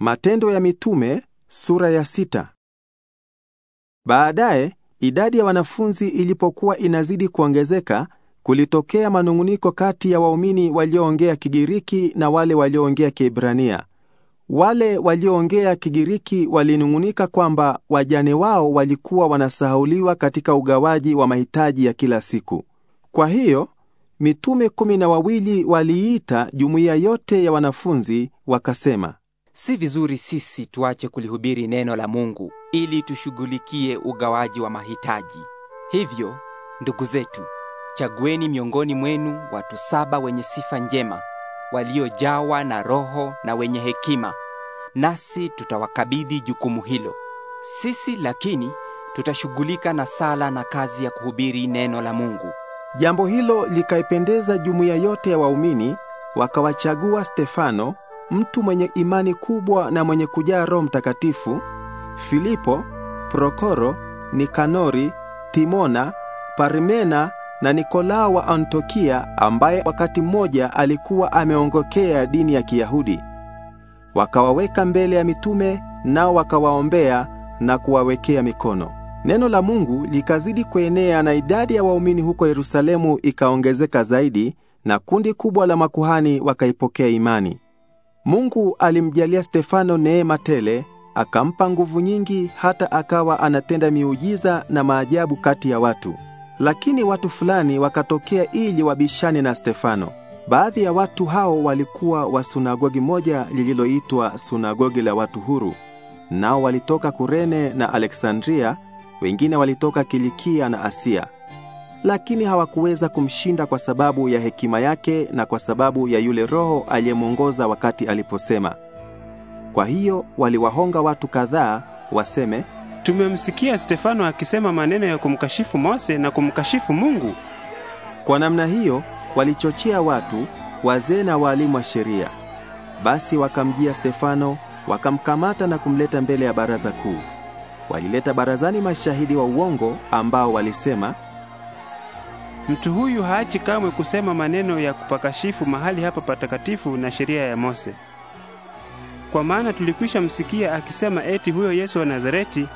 Matendo ya Mitume sura ya sita. Baadaye idadi ya wanafunzi ilipokuwa inazidi kuongezeka, kulitokea manung'uniko kati ya waumini walioongea Kigiriki na wale walioongea Kiebrania. Wale walioongea Kigiriki walinung'unika kwamba wajane wao walikuwa wanasahauliwa katika ugawaji wa mahitaji ya kila siku. Kwa hiyo mitume kumi na wawili waliita jumuiya yote ya wanafunzi wakasema, si vizuri sisi tuache kulihubiri neno la Mungu ili tushughulikie ugawaji wa mahitaji. Hivyo, ndugu zetu, chagueni miongoni mwenu watu saba wenye sifa njema, waliojawa na roho na wenye hekima, nasi tutawakabidhi jukumu hilo. Sisi lakini tutashughulika na sala na kazi ya kuhubiri neno la Mungu. Jambo hilo likaipendeza jumuiya yote ya waumini, wakawachagua Stefano mtu mwenye imani kubwa na mwenye kujaa Roho Mtakatifu, Filipo, Prokoro, Nikanori, Timona, Parmena na Nikolao wa Antiokia ambaye wakati mmoja alikuwa ameongokea dini ya Kiyahudi. Wakawaweka mbele ya mitume nao wakawaombea na kuwawekea mikono. Neno la Mungu likazidi kuenea na idadi ya waumini huko Yerusalemu ikaongezeka zaidi na kundi kubwa la makuhani wakaipokea imani. Mungu alimjalia Stefano neema tele, akampa nguvu nyingi hata akawa anatenda miujiza na maajabu kati ya watu. Lakini watu fulani wakatokea ili wabishane na Stefano. Baadhi ya watu hao walikuwa wa sunagogi moja lililoitwa sunagogi la watu huru. Nao walitoka Kurene na Aleksandria, wengine walitoka Kilikia na Asia lakini hawakuweza kumshinda kwa sababu ya hekima yake na kwa sababu ya yule Roho aliyemwongoza wakati aliposema. Kwa hiyo waliwahonga watu kadhaa waseme, tumemsikia Stefano akisema maneno ya kumkashifu Mose na kumkashifu Mungu. Kwa namna hiyo walichochea watu, wazee na waalimu wa sheria. Basi wakamjia Stefano, wakamkamata na kumleta mbele ya baraza kuu. Walileta barazani mashahidi wa uongo ambao walisema Mtu huyu haachi kamwe kusema maneno ya kupakashifu mahali hapa patakatifu na sheria ya Mose. Kwa maana tulikwisha msikia akisema eti huyo Yesu wa Nazareti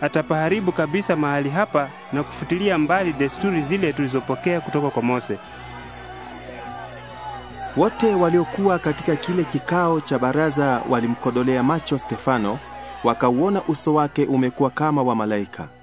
atapaharibu kabisa mahali hapa na kufutilia mbali desturi zile tulizopokea kutoka kwa Mose. Wote waliokuwa katika kile kikao cha baraza walimkodolea macho Stefano, wakauona uso wake umekuwa kama wa malaika.